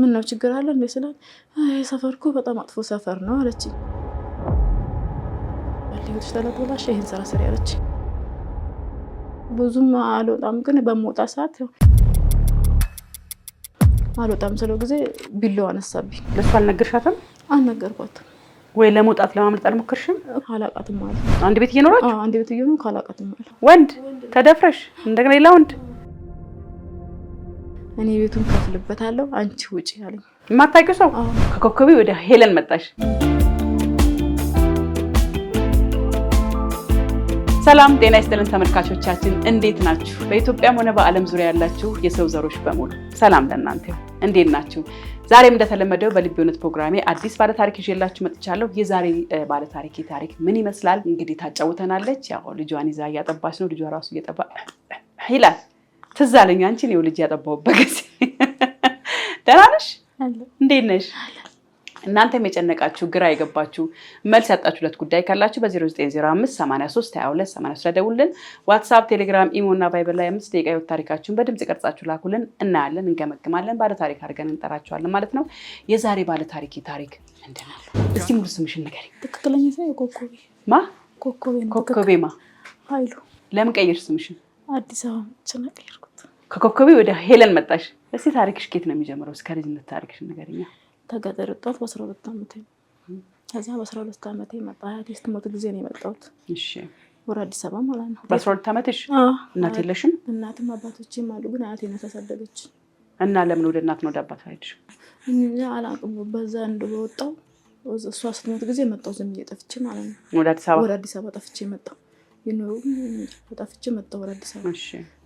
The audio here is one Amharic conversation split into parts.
ምን ነው ችግር አለ እንዴ ስላት፣ አይ ሰፈር እኮ በጣም አጥፎ ሰፈር ነው አለች። ህይወትሽ ተለጥበላሽ ይህን ስራ ስሪ አለች። ብዙም አልወጣም ግን በመውጣ ሰዓት አልወጣም ስለው ጊዜ ቢለው አነሳብኝ። ለሱ አልነገርሻትም? አልነገርኳትም። ወይ ለመውጣት ለማምለጥ አልሞከርሽም? አላቃትም አለ። አንድ ቤት እየኖራችሁ? አንድ ቤት እየኖሩ ካላቃትም አለ። ወንድ ተደፍረሽ እንደገና ሌላ ወንድ እኔ ቤቱን ከፍልበታለሁ፣ አንቺ ውጪ አለኝ። የማታውቂው ሰው ከኮከቤ ወደ ሄለን መጣሽ። ሰላም ጤና ይስጥልን ተመልካቾቻችን፣ እንዴት ናችሁ? በኢትዮጵያም ሆነ በዓለም ዙሪያ ያላችሁ የሰው ዘሮች በሙሉ ሰላም ለእናንተ። እንዴት ናችሁ? ዛሬም እንደተለመደው በልብ እውነት ፕሮግራሜ አዲስ ባለታሪክ ይዤላችሁ መጥቻለሁ። የዛሬ ባለታሪክ ታሪክ ምን ይመስላል እንግዲህ ታጫውተናለች። ያው ልጇን ይዛ እያጠባች ነው። ልጇ ራሱ እየጠባ ይላል ትዝ አለኝ አንቺን ይኸው ልጅ ያጠባሁበት ጊዜ። ደህና ነሽ? እንዴት ነሽ? እናንተም የጨነቃችሁ ግራ የገባችሁ መልስ ያጣችሁለት ጉዳይ ካላችሁ በ0905832282 ስለደውልን ዋትሳፕ፣ ቴሌግራም፣ ኢሞ እና ቫይበር ላይ አምስት ደቂቃ ህይወት ታሪካችሁን በድምፅ ቀርጻችሁ ላኩልን። እናያለን፣ እንገመግማለን፣ ባለ ታሪክ አድርገን እንጠራችኋለን ማለት ነው። የዛሬ ባለ ታሪክ ታሪክ ምንድን ነው? እስቲ ሙሉ ስምሽን ንገሪኝ። ትክክለኛ ስሜ ኮኮቤ ማ? ኮኮቤ ማ ኃይሉ። ለምን ቀየርሽ ስምሽን? አዲስ አበባ መቼ ነው ከኮከቤ ወደ ሄለን መጣሽ። እስቲ ታሪክሽ ከየት ነው የሚጀምረው? እስከ ልጅነት ታሪክሽ ንገሪኝ። ተገጠር ወጣት በአስራ ሁለት ዓመቴ ከዚያ በአስራ ሁለት ዓመቴ መጣ። አያቴ ስትሞት ጊዜ ነው የመጣሁት ወደ አዲስ አበባ ማለት ነው። በአስራ ሁለት ዓመትሽ እናት የለሽም? እናትም አባቶችም አሉ፣ ግን አያቴ ነው ታሳደገች። እና ለምን ወደ እናት ነው ወደ አባት ሄድሽ? አላቅም በዛ በወጣው እሷ ስትሞት ጊዜ መጣው ዝም ብዬ ማለት ነው። ወደ አዲስ አበባ ወደ አዲስ አበባ ጠፍቼ መጣው ቢኖሩ ጠፍቼ መጣሁ ወደ አዲስ አበባ።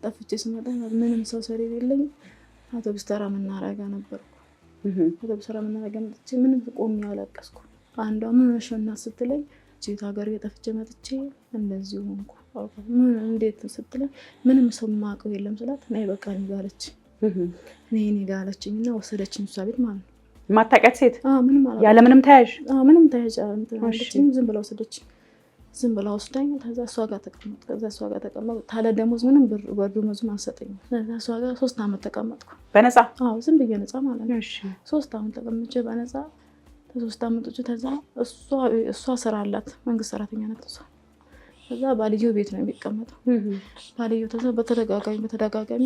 ጠፍቼ ስመጣ ምንም ሰው ስለሌለኝ አውቶቡስ ተራ ነበርኩ። ተራ መጥቼ ምንም ቆሜ አለቀስኩ። አንዷ ምን ሆነሽ እናት ስትለኝ ሴት ሀገር የጠፍቼ መጥቼ እንደዚህ ሆንኩ እንዴት ስትለኝ ምንም ሰው የማውቀው የለም ስላት ናይ በቃ እኔ እኔ እና ወሰደችኝ እሷ ቤት ማለት ነው። የማታውቂያት ሴት ያለምንም ተያዥ ምንም ተያዥ ዝም ብላ ወሰደችኝ። ዝም ብላ ወስዳኝ፣ ከዛ እሷ ጋር ተቀመጥ፣ ከዛ እሷ ጋር ተቀመጥ። ታለ ደሞዝ ምንም ብር በደሞዙን አልሰጠኝም። ከዛ እሷ ጋር ሶስት አመት ተቀመጥኩ በነፃ። አዎ ዝም ብዬ ነፃ ማለት ነው። ሶስት አመት ተቀምጬ በነፃ ከሶስት አመት ውጭ። ከዛ እሷ ስራ አላት፣ መንግስት ሰራተኛ ናት እሷ። ከዛ ባልየው ቤት ነው የሚቀመጠው ባልየው። ተዛ በተደጋጋሚ በተደጋጋሚ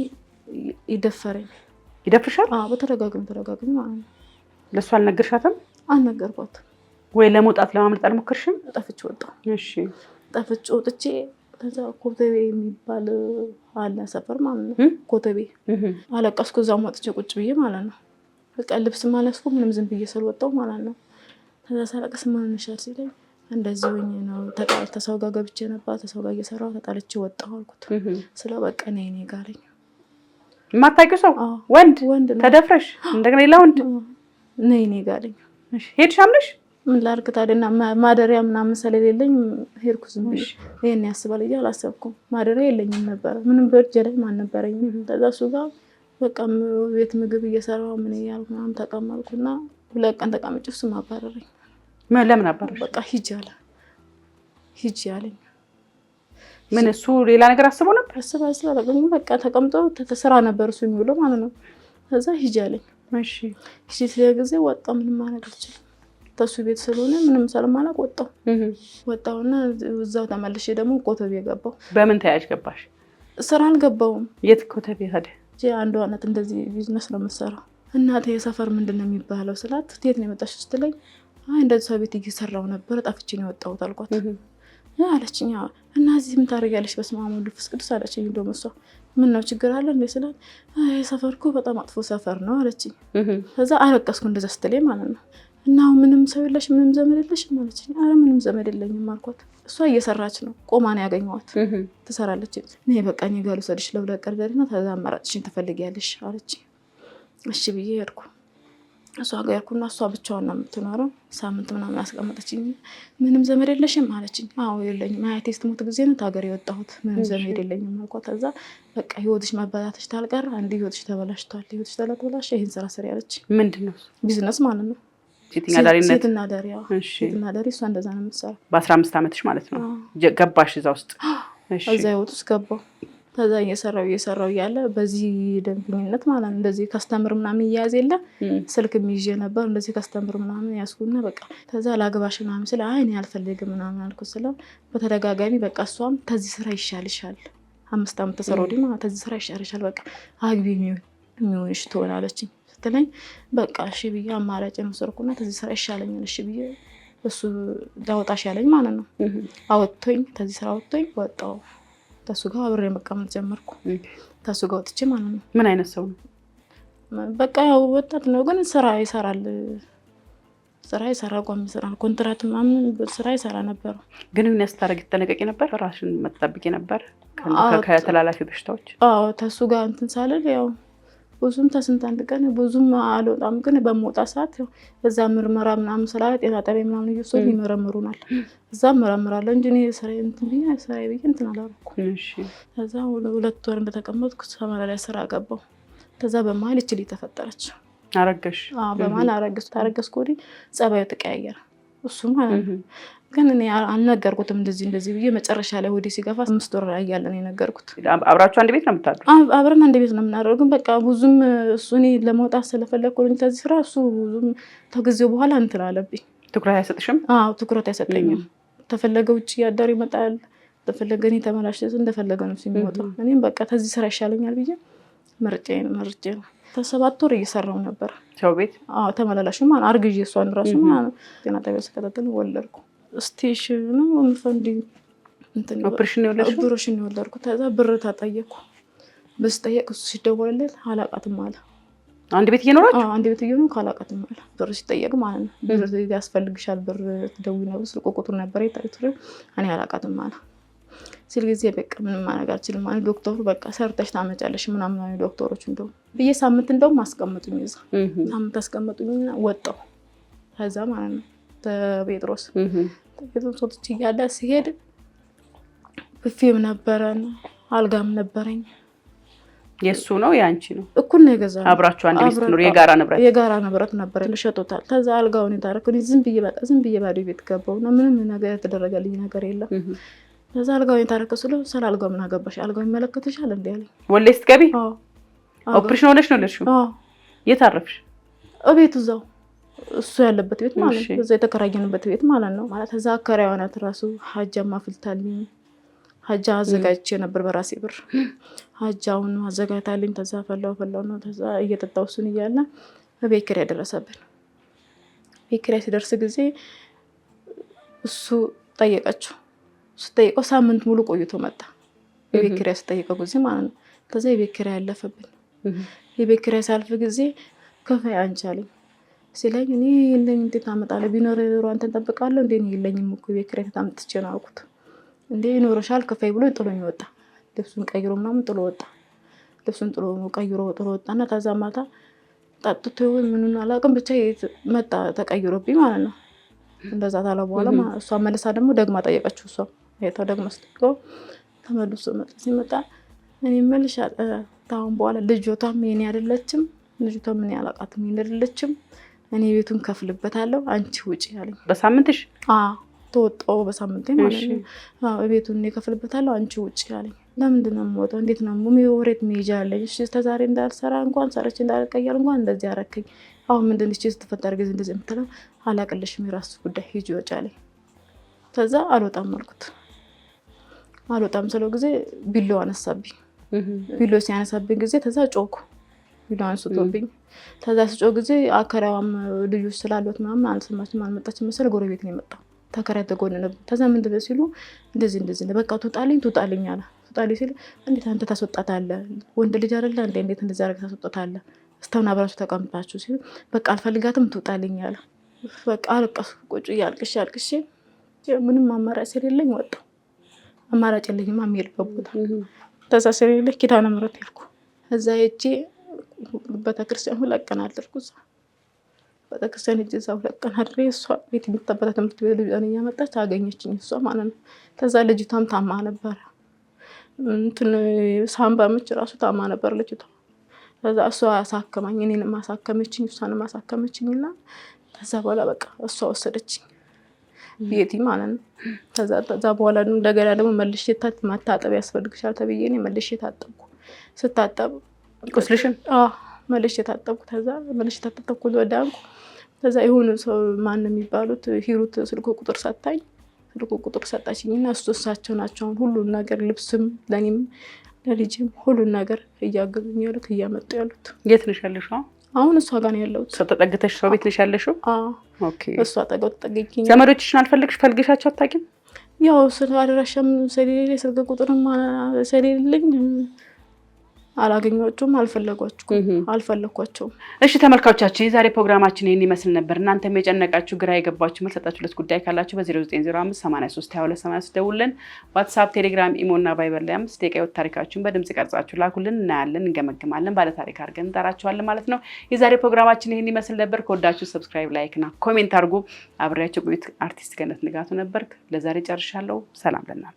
ይደፈረኝ ይደፍርሻል። በተደጋጋሚ ተደጋጋሚ ማለት ነው። ለእሷ አልነገርሻትም? አልነገርኳትም ወይ ለመውጣት ለማምለጥ አልሞከርሽም? ጠፍቼ ወጣሁ። እሺ ጠፍቼ ወጥቼ ከዛ ኮተቤ የሚባል አለ ሰፈር ማለት ነው። ኮተቤ አለቀስኩ። እዛም ወጥቼ ቁጭ ብዬ ማለት ነው። በቃ ልብስ ማለስኩ ምንም ዝም ብዬ ስለወጣሁ ማለት ነው። ከዛ ሳለቀስ ማንሻል ሲለኝ እንደዚህ ሆኜ ነው ተሰው ጋር ገብቼ ነበር። ተሰው ጋር እየሰራሁ ተጣልቼ ወጣሁ አልኩት። ስለ በቃ ነይ እኔ ጋር አለኝ። የማታውቂው ሰው ወንድ ወንድ ተደፍረሽ እንደገና ሌላ ወንድ ነይ እኔ ጋር አለኝ። ሄድሽ አምነሽ ምን ላድርግ ታዲያ ማደሪያ ምናምን ስለሌለኝ ሄድኩ። ዝም ብዬ ይሄን ያስባል እያ አላሰብኩም። ማደሪያ የለኝም ነበረ ምንም በእጅ ላይ አልነበረኝ። ከዛ እሱ ጋር በቃ ቤት ምግብ እየሰራ ምን እያልኩ ምናምን ተቀመጥኩና ሁለት ቀን ተቀምጬ እሱም አባረረኝ። ለምን አባረረኝ? በቃ ሂጅ አለ ሂጅ አለኝ። ምን እሱ ሌላ ነገር አስቦ ነበር? አስበ አስባ በቃ ተቀምጦ ተስራ ነበር እሱ የሚውለው ማለት ነው። ከዛ ሂጅ አለኝ። እሺ ሂጅ ጊዜ ወጣ ምንም ማድረግ አልችልም። ተሱ ቤት ስለሆነ ምንም ስለማላውቅ ወጣው ወጣሁና እዛው ተመልሼ ደግሞ ኮተቤ ገባሁ። በምን ተያዥ ገባሽ? ስራ አልገባውም። የት ኮተቤ ታዲያ? አንዱ አነት እንደዚህ ቢዝነስ ነው የምትሰራው። እናቴ የሰፈር ምንድን ነው የሚባለው ስላት የት ነው የመጣሽ ስትለኝ አይ እንደዚህ ሰው ቤት እየሰራው ነበረ ጠፍቼ ነው የወጣሁት አልኳት። አለችኝ እና እዚህ ምን ታደርጊያለሽ? በስመ አብ ወወልድ ወመንፈስ ቅዱስ አለችኝ። እንደውም እሷ ምን ነው ችግር አለ እንዴ ስላት ሰፈር እኮ በጣም አጥፎ ሰፈር ነው አለችኝ። ከዛ አለቀስኩ እንደዛ ስትለኝ ማለት ነው እና ምንም ሰው የለሽ ምንም ዘመድ የለሽ አለችኝ። አረ ምንም ዘመድ የለኝም አልኳት። እሷ እየሰራች ነው፣ ቆማ ነው ትሰራለች። እኔ በቃ እኔ ጋር ልውሰድሽ ለሁለት ቀን ገሪና ተዛ አማራጭሽን ትፈልጊያለሽ አለች። እሺ ብዬ ሄድኩ። እሷ ጋር ያልኩና እሷ ብቻዋን ነው የምትኖረው። ሳምንት ምናምን ያስቀመጠችኝ። ምንም ዘመድ የለሽም አለችኝ። አዎ የለኝም፣ አያቴ ስትሞት ጊዜ ነው ሀገር የወጣሁት። ምንም ዘመድ የለኝም አልኳት። ከዛ በቃ ህይወትሽ መበላሸትሽ ታልቀር አንድ ህይወትሽ ተበላሽቷል፣ ህይወትሽ ተበላሽ፣ ይህን ስራ ስሪ አለች። ምንድን ነው ቢዝነስ ማለት ነው ሴተኛ አዳሪነት ሴትና እሷ እንደዛ ነው የምትሰራው። በአስራ አምስት ዓመትሽ ማለት ነው ገባሽ እዛ ውስጥ? እዛ ህይወት ውስጥ ገባው። ከዛ እየሰራው እየሰራው እያለ በዚህ ደንበኝነት ማለት ነው እንደዚህ ከስተምር ምናምን እያያዝ የለ ስልክ ይዤ ነበር እንደዚህ ከስተምር ምናምን ያስኩና በቃ ከዛ ላግባሽ ምናምን ስለ አይ እኔ አልፈልግም ምናምን ስለው በተደጋጋሚ በቃ እሷም ስራ ይሻልሻል፣ አምስት ዓመት ተሰራ ወዲህ ስራ ይሻልሻል፣ በቃ አግቢ የሚሆንሽ ትሆናለችኝ ስትለኝ በቃ እሺ ብዬ አማራጭ ወሰድኩና ከዚህ ስራ ይሻለኛል እሺ ብዬ እሱ ላወጣሽ ያለኝ ማለት ነው። አወጥቶኝ ከዚህ ስራ አወጥቶኝ ወጣው ተሱ ጋር አብሬ መቀመጥ ጀመርኩ። ተሱ ጋር ወጥቼ ማለት ነው። ምን አይነት ሰው ነው? በቃ ያው ወጣት ነው፣ ግን ስራ ይሰራል ስራ ይሰራ ቋሚ ስራ ኮንትራት ምናምን ስራ ይሰራ ነበር። ግን ምን ያስታረግ ትጠነቀቂ ነበር? ራሱን መጠብቂ ነበር ከተላላፊ በሽታዎች? ተሱ ጋር እንትን ሳልል ያው ብዙም ተስንት አንድ ቀን ብዙም አልወጣም፣ ግን በመውጣ ሰዓት እዛ ምርመራ ምናምን ስላለ ጤና ጣቢያ ምናምን እየሱ ይመረምሩናል። እዛ እመረምራለሁ እንጂ እኔ ስራዬ እንትን ብዬ ብዬ እንትን አላደረኩም። ከዛ ሁለት ወር እንደተቀመጥኩ ሰመራ ስራ ገባሁ። ከዛ በመሀል ይችል ተፈጠረች፣ አረገሽ በመሀል አረገሱ። ታረገስኩ ወዲህ ጸባዩ ተቀያየረ። እሱ ማለት ነው። ግን እኔ አልነገርኩትም እንደዚህ እንደዚህ ብዬ መጨረሻ ላይ ወደ ሲገፋ አምስት ወር ላይ ነው የነገርኩት። አብራችሁ አንድ ቤት ነው የምታድሩ? አብረን አንድ ቤት ነው የምናደርገው። ግን በቃ ብዙም እሱ እኔ ለመውጣት ስለፈለግኩ ከዚህ ስራ እሱ ብዙም ተጊዜው በኋላ እንትን አለብኝ። ትኩረት አይሰጥሽም? አዎ ትኩረት አይሰጠኝም። ተፈለገ ውጭ እያደሩ ይመጣል፣ ተፈለገ እኔ ተመላሽ እንደፈለገ ነው ሲሚወጣ። እኔም በቃ ከዚህ ስራ ይሻለኛል ብዬ መርጬ ነው መርጬ ነው ከሰባት ወር እየሰራው ነበር ቤት ተመላላሽ ማ አርግዤ እሷን ራሱ ጤና ጣቢያ ስከታተል ወለድኩ። ስቴሽን ፈንዲ ኦፕሬሽን ኦፕሬሽን የወለድኩ ከዛ ብር ታጠየኩ። በስጠየቅ እሱ ሲደወልለት አላቃትም አለ። አንድ ቤት እየኖራችሁ አንድ ቤት እየኖሩ ካላቃትም አለ። ብር ሲጠየቅ ማለት ነው ያስፈልግሻል ብር ደዊ ነበር ስልክ ቁጥሩ ነበር የጣይቱ እኔ አላቃትም አለ ሲል ጊዜ በቃ ምንም ማድረግ አልችልም ማለት ዶክተሩ በቃ ሰርተሽ ታመጫለሽ ምናምን ዶክተሮች እንደውም ብዬ ሳምንት እንደውም አስቀምጡኝ እዛ ሳምንት አስቀምጡኝና ወጣሁ ከዛ ማለት ነው ተጴጥሮስ ጴጥሮስ ወጥቼ እያለ ሲሄድ ብፌም ነበረን አልጋም ነበረኝ የእሱ ነው የአንቺ ነው እኩል ነው የገዛ አብራችሁ አንድ ቤት ኖር የጋራ ንብረት የጋራ ንብረት ነበረ ሸጦታል ከዛ አልጋውን የታረክ ዝም ብዬ በቃ ዝም ብዬ ባዶ ቤት ገባው ምንም ነገር የተደረገልኝ ነገር የለም ከዛ አልጋው የታረከሱ ለው ሰል አልጋው ምን አገባሽ? አልጋው ይመለከትሻል እንዴ አለኝ። ወላሂ ስትገቢ ኦፕሬሽን ሆነሽ ነው ልሽ? የት አረፍሽ? እቤቱ እዛው እሱ ያለበት ቤት ማለት ነው። እዛ የተከራየንበት ቤት ማለት ነው። ማለት እዛ አከራይዋ ናት ራሱ ሀጃ አፍልታልኝ ሀጃ አዘጋጅቼ ነበር በራሴ ብር ሀጃውን አዘጋጅታልኝ። ተዛ ፈላው ፈላው ነው ተዛ እየጠጣው እሱን እያለ ቤት ኪራይ ደረሰብን። ቤት ኪራይ ሲደርስ ጊዜ እሱ ጠየቀችው ስጠይቀው ሳምንት ሙሉ ቆይቶ መጣ። የቤት ኪራይ ስጠይቀው ጊዜ ማለት ነው። ከዛ የቤት ኪራይ ያለፈብን። የቤት ኪራይ ሳልፍ ጊዜ ከፋይ አንቺ ሲለኝ እኔ የለኝም እንዴት ታመጣለህ? ቢኖር ሮ አንተን ጠብቃለሁ እንዴ የለኝም እኮ የቤት ኪራይ ታምጥቼ ነው አልኩት። እንዴ ይኖረሻል ከፋይ ብሎ ጥሎኝ ወጣ። ልብሱን ቀይሮ ምናምን ጥሎ ወጣ። ልብሱን ጥሎ ቀይሮ ጥሎ ወጣ እና ከዛ ማታ ጠጥቶ ይሆን ምኑን አላውቅም፣ ብቻ መጣ ተቀይሮብኝ ማለት ነው። እንደዛ ታለ በኋላ እሷ መለሳ ደግሞ ደግማ ጠየቀችው እሷ ቤቷ ደግሞ ስትቆ ተመልሶ መጣ ሲመጣ እኔ መልሻ ታሁን በኋላ ልጆቷም የኔ አይደለችም፣ ልጅቷም እኔ አላውቃትም፣ የኔ አይደለችም፣ እኔ ቤቱን ከፍልበታለሁ፣ አንቺ ውጪ አለኝ። በሳምንትሽ ተወጣሁ፣ በሳምንት ማለት ነው። ቤቱን እኔ ከፍልበታለሁ፣ አንቺ ውጪ አለኝ። ለምንድን ነው የምወጣው? እንዴት ነው ወሬት መሄጃ አለኝ። እሺ ተዛሬ እንዳልሰራ እንኳን ሰርቼ እንዳልቀየር እንኳን እንደዚህ አረከኝ። አሁን ምንድን ች ስትፈጠር ጊዜ እንደዚህ የምትለው አላቅልሽም፣ የራሱ ጉዳይ ሂጂ ወጪ አለኝ። ከዛ አልወጣም አልኩት። አልወጣም ስለው ጊዜ ቢሎ አነሳብኝ። ቢሎ ሲያነሳብኝ ጊዜ ተዛ ጮኩ። ቢሎ አንስቶብኝ ተዛ ስጮ ጊዜ አከራዋም ልጆች ስላሉት ምናምን አልሰማችም አልመጣችም መሰል ጎረቤት ነው የመጣ ተከራይ ተጎን ነበር። ተዛ ምን ነው ሲሉ እንደዚህ እንደዚህ በቃ ትውጣልኝ ትውጣልኝ አለ። ትውጣልኝ ሲል እንዴት አንተ ታስወጣታለህ? ወንድ ልጅ አይደለ እንዴ? እንዴት እንደዚህ አድርገህ ታስወጣታለህ? እስታሁን አብራችሁ ተቀምጣችሁ ሲሉ በቃ አልፈልጋትም ትውጣልኝ አለ። በቃ አለቀስኩ። ቁጭ እያልቅሽ ያልቅሽ ምንም አማራጭ ስለሌለኝ ወጣሁ። አማራጭ የለኝም የሚሄድበት ቦታ ተዛ ስለሌለ ኪዳነ ምሕረት ሄድኩ። እዛ ሄጄ ቤተክርስቲያን ሁለት ቀን አደርኩ። እዛ ቤተክርስቲያን ሄጄ እዛ ሁለት ቀን አድሬ እሷ ቤት የምታበታ ትምህርት ቤት ልጅን እያመጣች አገኘችኝ። እሷ ማለት ነው። ከዛ ልጅቷም ታማ ነበረ እንትን ሳምባ ምች ራሱ ታማ ነበር ልጅቷ። ከዛ እሷ አሳከማኝ፣ እኔንም አሳከመችኝ፣ እሷንም አሳከመችኝ እና ከዛ በኋላ በቃ እሷ ወሰደችኝ። ቤቲ ማለት ነው። ከዛ በኋላ ደግሞ እንደገና ደግሞ መልሼ መታጠብ ያስፈልግሻል ተብዬ እኔ መልሼ ታጠብኩ። ስታጠብ ቁስልሽን መልሼ ታጠብኩ። ከዛ መልሼ ታጠብኩ ወዳንኩ። ከዛ የሆኑ ሰው ማን ነው የሚባሉት ሂሩት ስልክ ቁጥር ሰታኝ ስልክ ቁጥር ሰጣችኝ እና እሳቸው ናቸውን ሁሉን ነገር ልብስም ለእኔም ለልጅም ሁሉን ነገር እያገዙኝ ያሉት እያመጡ ያሉት። የት ነሽ ያለሽው? አሁን እሷ ጋር ነው ያለሁት። ሰው ተጠግተሽ ሰው ቤት ነሽ ያለሽው? ኦኬ። እሷ አጠገብ ተጠግኝ። ዘመዶችሽን አልፈልግሽ ፈልግሻቸው አታውቂም? ያው ስለ አድራሻም ስለሌለ ስልክ ቁጥርም ስለሌለኝ አላገኟቸውም፣ አልፈለጓቸውም። እሺ ተመልካቾቻችን የዛሬ ፕሮግራማችን ይህን ይመስል ነበር። እናንተም የጨነቃችሁ ግራ የገባችሁ መልሰጣችሁለት ጉዳይ ካላችሁ በ0905832283 0905 ደውልን። ዋትሳፕ፣ ቴሌግራም፣ ኢሞ እና ቫይበር ላይ አምስት ደቂቃ ሕይወት ታሪካችሁን በድምጽ ቀርጻችሁ ላኩልን። እናያለን፣ እንገመግማለን፣ ባለ ታሪክ አድርገን እንጠራችኋለን ማለት ነው። የዛሬ ፕሮግራማችን ይህን ይመስል ነበር። ከወዳችሁ ሰብስክራይብ፣ ላይክ እና ኮሜንት አድርጉ። አብሬያቸው ቆዩት። አርቲስት ገነት ንጋቱ ነበር። ለዛሬ ጨርሻለሁ። ሰላም ለእናንተ።